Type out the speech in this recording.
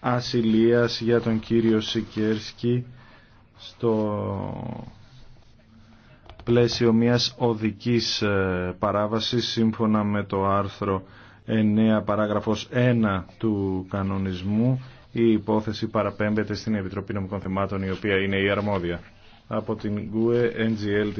ασυλίας για τον κύριο Σικέρσκι στο πλαίσιο μιας οδικής ε, παράβασης σύμφωνα με το άρθρο 9 παράγραφος 1 του κανονισμού η υπόθεση παραπέμπεται στην Επιτροπή Νομικών Θεμάτων η οποία είναι η αρμόδια από την GUE NGL